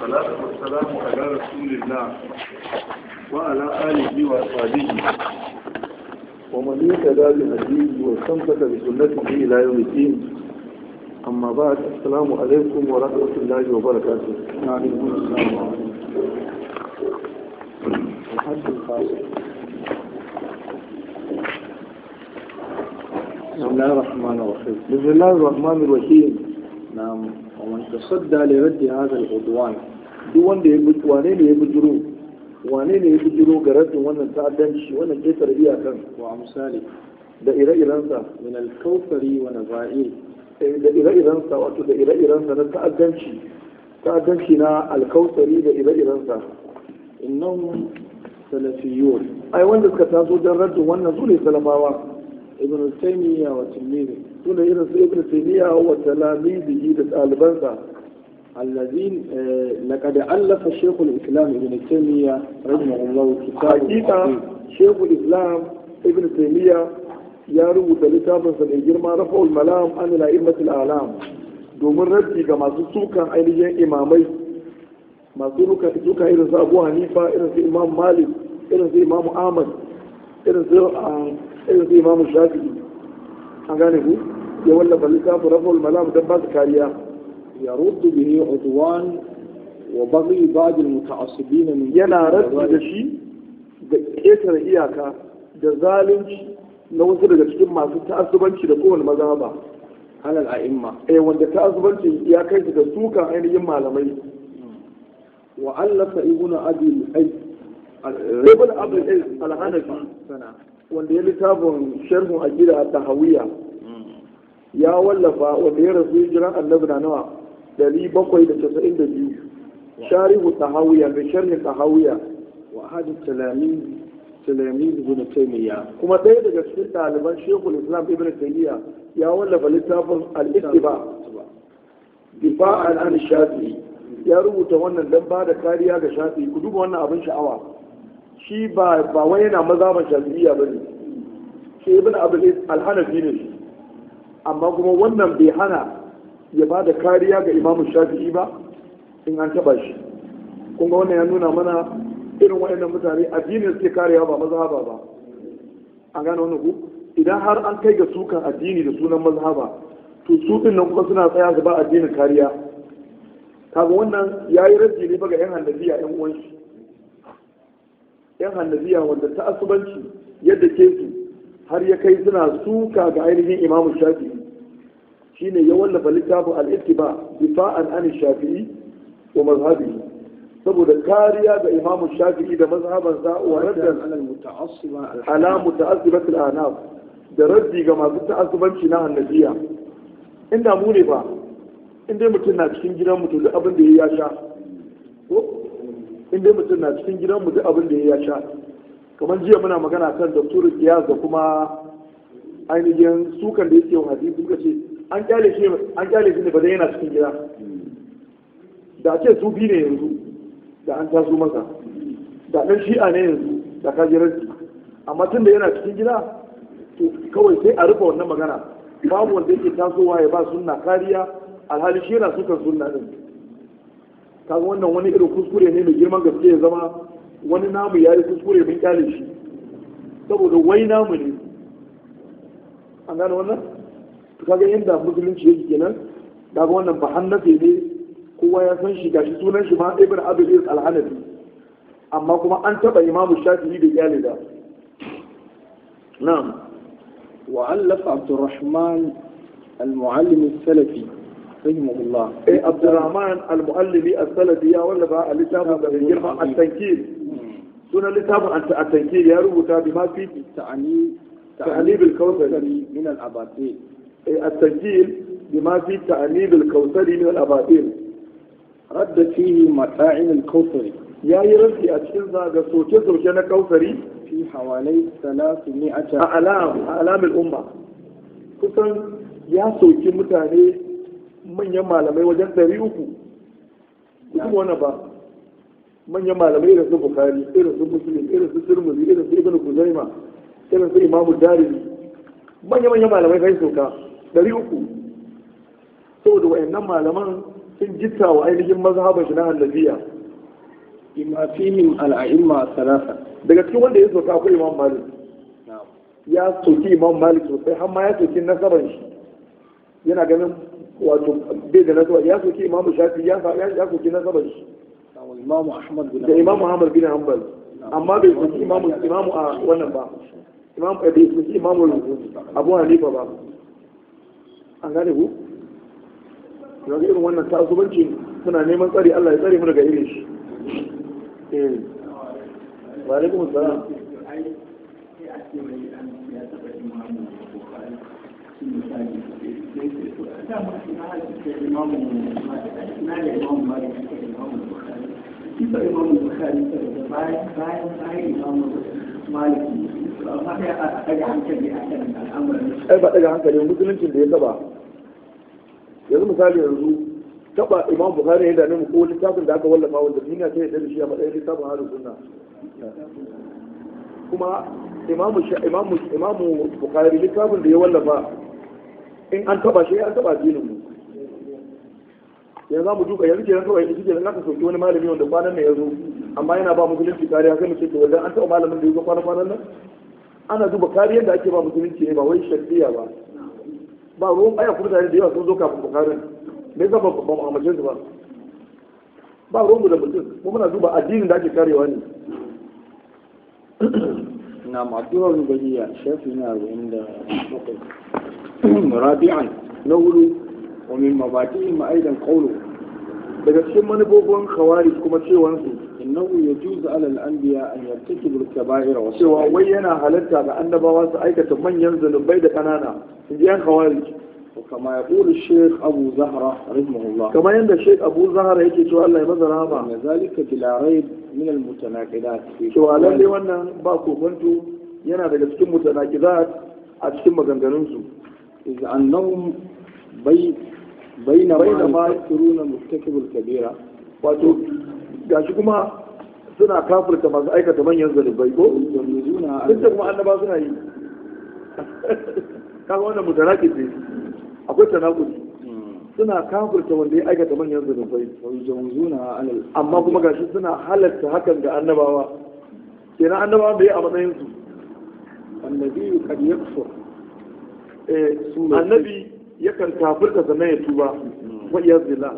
الصلاة والسلام على رسول الله وعلى آله وأصحابه ومن يتبع بهديه واستمسك بسنته إلى يوم الدين أما بعد السلام عليكم ورحمة الله وبركاته وعليكم السلام بسم الله الرحمن الرحيم بسم الله الرحمن الرحيم نعم ومن تصدى لرد هذا العدوان duk wanda ya bi wane ne ya bujiro wane ne ya bujiro ga raddin wannan ta'addanci wannan ƙetar iyakan wa misali da ire-irensa min alkautari wa nazair da ire-irensa wato da ire-irensa na ta'addanci ta'addanci na alkautari da ire-irensa innahum salafiyun ai wanda suka taso don raddin wannan su ne salamawa ibn taymiya wa tilmidi sune irin su ibn taymiya wa talamidihi da ɗalibansa الذين لقد ألف شيخ islam ابن تيمية رحمه الله كتابه شيخ الإسلام ابن تيمية ya rubuta littafinsa mai girma rafa'ul malam an la'immatul alam domin rabbi ga masu sukan ainihin imamai masu sukan irin su abu hanifa irin su imam malik irin su imam ahmad irin su um, irin imamu shafi'i an gane ku ya wallafa littafin raful malam don ba su kariya ya rubu bihi udwan wa baghi ba'd al-muta'assibin min yana radda da shi da ƙetare iyaka da zalunci na wasu daga cikin masu ta'assubanci da kowane mazhaba halal a'imma eh wanda ta'assubanci ya kai su da sukan ainihin malamai wa allafa ibnu abi al-ayy ibnu abi al-ayy al-hanafi sana wanda ya littafin sharhun gida ta hawiya. ya wallafa wanda ya rasu jiran annabi na nawa dari bakwai da casa'in da biyu sharihu hawiya mai ta hawiya. wa hadu talami talami zuwa taimiyya kuma ɗaya daga cikin ɗaliban shekul islam ibn taimiyya ya wallafa littafin al-ittiba difa'an an shafi ya rubuta wannan don ba da kariya ga shafi ku duba wannan abin sha'awa shi ba ba wai yana ba shafi'iyya bane shi ibn abdul al-hanafi ne amma kuma wannan bai hana ya ba da kariya ga imamu shafi'i ba in an taba shi Kuma wannan ya nuna mana irin waɗannan mutane addinin suke kariya ba mazhaba ba an gane wani ku idan har an kai ga sukan addini da sunan mazhaba to su din nan kuma suna tsaya su ba addinin kariya kaga wannan yayi raddi ne ba ga yan handabiya yan uwan shi yan hannabiya wanda ta asubanci yadda ke su har ya kai suna suka ga ainihin imamu shafi'i shine ya wallafa littafin al-ittiba difa'an an shafi'i wa mazhabihi saboda kariya ga imamu shafi'i da mazhabansa wa raddan ala muta'assibat al-anaf da raddi ga masu ta'assubanci na annabiya inda mu ne ba in dai mutum na cikin gidan mutum da abin da ya sha in dai mutum na cikin gidan mu duk abin da ya sha kamar jiya muna magana kan doktorin kiyas da kuma ainihin sukan da yake yin hadisi muka ce an kyale shi an kyale shi ne ba dai yana cikin gida da ce su bi ne yanzu da an taso masa da dan shi'a ne yanzu da kajiranci amma tun da yana cikin gida to kawai sai a rufe wannan magana babu wanda yake tasowa ya ba sunna kariya alhali shi yana sukan sunna din kaga wannan wani irin kuskure ne mai girman gaske ya zama wani namu ya yi kuskure mun kyale shi saboda wai namu ne an gane wannan to kaga yanda musulunci yake kenan kaga wannan ba hannafe ne kowa ya san shi gashi sunan shi ma ibn abdul al-hanafi amma kuma an taba imamu shafi'i da kyale da na'am وألف عبد الرحمن المعلم salafi. rahimahullah eh abdurrahman al-muallimi as-salafi ya wallafa a littafin da bai girma sunan littafin at ya rubuta bi ma fi ta'ani ta'anib al-kawthari min al-abatil eh at ya yi a cikin zaga na kawthari a alam umma kusan ya soki mutane manyan malamai wajen ɗari uku kuma wani ba manyan malamai irin su bukari irin su Musulmi, irin su turmuzi irin su ibn kuzaima irin su imamu darimi manya-manyan malamai kai soka ɗari uku saboda nan malaman sun jitta wa ainihin mazhaban shi na hannabiya imma fihim al'a'imma salasa daga cikin wanda ya soka akwai imam malik ya soki imam malik sosai har ma ya soki nasaban shi yana ganin wato bai da nasaba ya soke imam shafi ya ya soke nasaba shi imam ahmad bin da imam ahmad bin hanbal amma bai soki imam imam a wannan ba imam eh, bai soki imam abu hanifa ba an gane ku ga irin wannan tasubanci suna neman tsari Allah ya tsare mu daga irin shi eh wa alaikum assalam Kita imam Bukhari saja, baik, baik, baik imam Malik. Maka ada hankali akan al'amuran. Eh, ba daga hankali musuluncin da ya taba. Yanzu misali yanzu taba imam Bukhari ya dame mu ko littafin da aka wallafa wanda duniya ta yarda da shi a matsayin littafin harin sunna. Kuma imamu imamu imamu Bukhari littafin da ya wallafa in an taba shi an taba addinin mu yanzu za mu duka yanzu kenan kawai shi kenan aka soki wani malami wanda kwanan nan ya zo amma yana ba musulunci kariya sai mu ce to an taba malamin da ya zo kwanan kwanan nan ana duba kariyar da ake ba musulunci ne ba wai shafiya ba ba ruwan aya kuma tare da yawa sun zo kafin bukarin me yasa ba ba mu'amalcin su ba ba ruwan mu da mutum kuma muna duba addinin da ake karewa ne na ma'addu'ar rubaniya shafi na arba'in da bakwai rabi'an na hudu wa min mabatihim aidan qawlu daga cikin manufofin khawarij kuma cewansu innahu yajuzu ala al-anbiya an yartakibu al-kaba'ir wa cewa wai yana halatta ga annabawa su aikata manyan zunubai da kanana indiyan khawarij وكما يقول الشيخ أبو زهرة رحمه الله كما يند الشيخ أبو زهرة يجي شو الله يمزر هذا أن ذلك بلا ريب من المتناقضات شو الله لي وانا باكو بنتو ينا دقا متناقضات أتكين مغنغنونسو إذ أنهم بين بين ما يكثرون مرتكب الكبيرة wato gashi kuma suna kafirta masu aikata manyan zanubai ko duk da kuma annaba suna yi kaga wannan mutaraki ce akwai tanakuri suna kafirta wanda ya aikata manyan anil amma kuma gashi suna halatta hakan ga annabawa kenan annabawa bai a matsayin su annabi kad yakfur Eh, annabi yakan kafirta zama ya tuba mm-hmm. wa yazila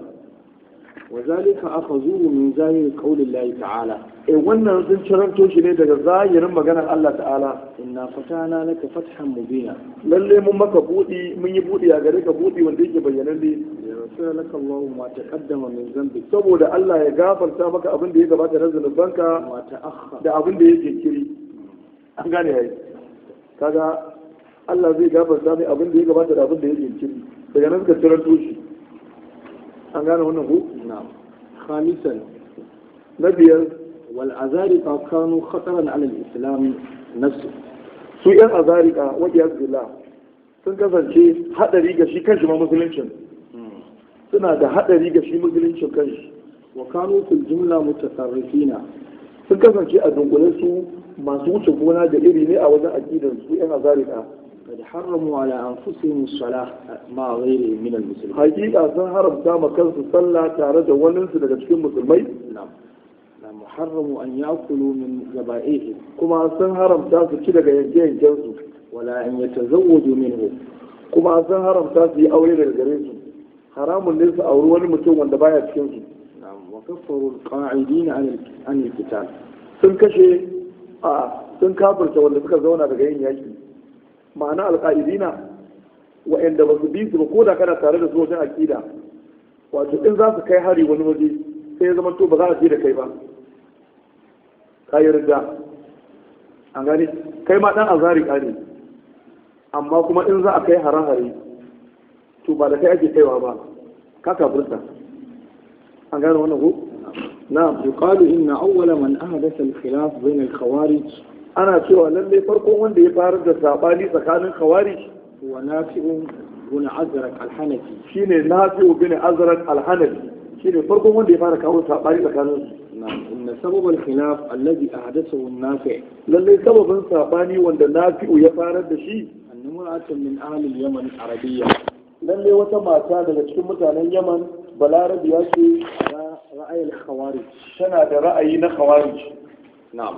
wa zalika akhazuhu min zahir qawli Allah ta'ala eh wannan sun ciranto toshi ne daga zahirin maganar Allah ta'ala inna fatana naka fatan mubina lalle mun maka budi mun yi budi a gari ka budi wanda yake bayyana ne laka Allah ma kaddama mai zambi saboda Allah ya gafarta maka abin da ya gabata na zunubanka, da abin da yake kiri an gane yayi kaga Allah zai gafarta mai abin da ya gabata da abin da ya jinkiri daga nan suka cirar toshi an gane wannan ku? na khamisan na biyar wal azarika kanu khataran ala islam nafsu su yan azarika wa yazilla sun kasance hadari ga shi kanshi ma musuluncin hmm. suna da hadari ga shi musuluncin kanshi wa kanu fil jumla mutasarrifina sun kasance a dunkule su masu wuce gona da iri ne a wajen aqidar su yan azarika قد حرموا على أنفسهم الصلاة مع غير من المسلمين حقيقة سن حرم دام كان صلى تارد ولن لك تكون المسلمين نعم نعم حرم أن يأكلوا من ذبائحهم كما سن حرم دام كده ينجين جنسو ولا أن يتزوجوا منه كما سن حرم دام في أولي للجريسو حرام الناس أولوان متوم وندبايا تكنسو نعم وكفروا القاعدين عن القتال سن كشي آه سن كابرت ولا فكر زونا بغير يجب ma'ana alƙa'idina wa'anda ba su bi su ba ko da kana tare da su wajen aƙida wato in za su kai hari wani waje sai ya zama to ba za a je da kai ba ka yi rida an gane kai ma dan azari ne amma kuma in za a kai hare-hare to ba da kai ake kaiwa ba ka kafirta an gane wannan ko na yuqalu inna awwala man ahdatha al-khilaf bayna al-khawarij ana cewa lallai farkon wanda ya fara da sabani tsakanin kawari wa nafi'un bin azrak al shine nafi'u bin azrak al shine farkon wanda ya fara kawo sabani tsakanin su إن lallai الخلاف الذي أحدثه النافع للي سبب ساباني وند نافع يفارد شيء أن امرأة من أهل اليمن عربية للي وتما كان لتكون مثلا اليمن بلارد ياشي على رأي الخوارج شنا رأينا خوارج نعم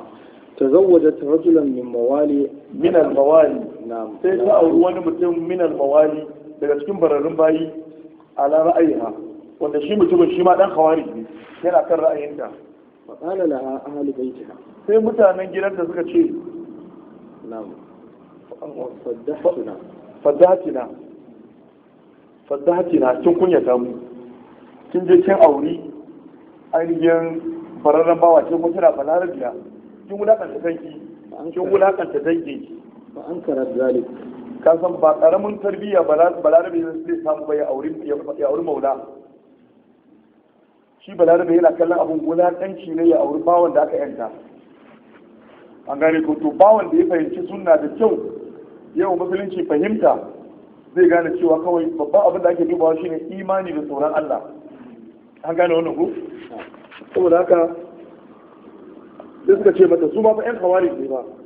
tazawwajat رجلا min mawali من الموالي نعم sai ta auri wani mutum min al daga cikin bararun bayi ala ra'ayiha wanda shi mutumin shi ma dan khawari yana kan ra'ayinta fa qala laha ahli sai mutanen da suka ce na'am faddahatina faddahatina faddahatina kin kunyata mu kin je kin auri ainihin bararren bawa kin wulakanta danki kin wulakanta danki ba an kara zalik ka san ba karamin tarbiyya balarabe zai samu ba ya auri maula shi balarabe yana kallon abin wulakanci ne ya auri bawan da aka yanta an gane ko to bawan da ya fahimci sunna da kyau yau musulunci fahimta zai gane cewa kawai babban abin da ake dubawa shine imani da tsoron Allah an gane wannan ko saboda haka da suka ce mata su ma fa yan kawarin ne ba